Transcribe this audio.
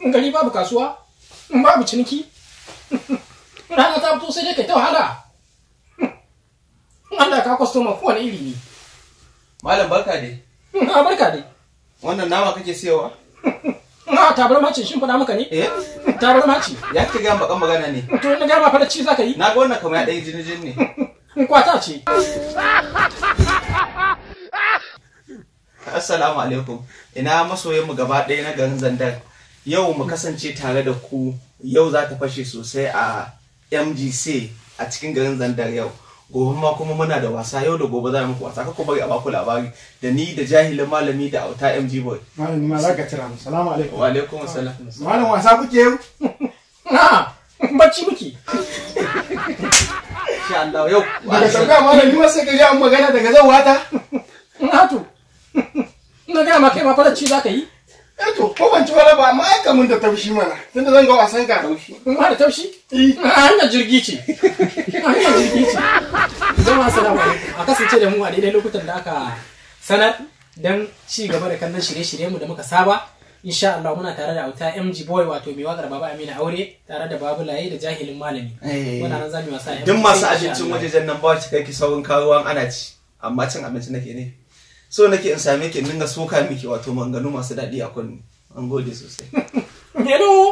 in gari babu kasuwa in babu ciniki rana ta fito sai dai kai ta wahala Allah ka kwastoma kowane iri ne malam barka dai na ah, barka dai wannan nama kake siyowa na ah, tabarma ce shin faɗa maka ne eh tabarma ce ya kike ga bakan magana ne to ina ga ba fara ci zaka yi na ga wannan kamar ya dai jini jini ne kwata ce assalamu alaikum ina masoyan mu gaba ɗaya na garin zandar yau mu kasance tare da ku yau za ta fashe sosai a mgc a cikin garin zandar yau gobe ma kuma muna da wasa yau da gobe za mu muku wasa kako bari a baku labari da ni da jahilin malami da auta mg boy malami ma za ka tira mu salamu alaikum wa alaikum assalam malam wasa kuke yau na bacci muke insha Allah yau daga sauka malami ma sai ka ga magana daga zawata na to na ga ma kai ma fara ci za ka yi eh ko ban ci wala ba amma ai kamun da taushi mana tunda zan ga wasan ka taushi ma da taushi eh ah, hanya jirgi ce hanya jirgi ce jama'a assalamu a kasance da mu a daidai lokutan da aka sanar dan ci gaba da kallon shirye-shiryenmu da muka saba insha Allah muna tare da auta MG Boy wato mai wakar Baba Amina Aure tare da Babu Laye da Jahilin Malami. Wannan eh. nan zamu wasa. Duk masu abincin wajejen nan ba shi kai ki saurin karuwan ana ci amma cin abinci nake ne. so nake in same ki in dinga soka miki wato manganu masu daɗi a kunni an gode sosai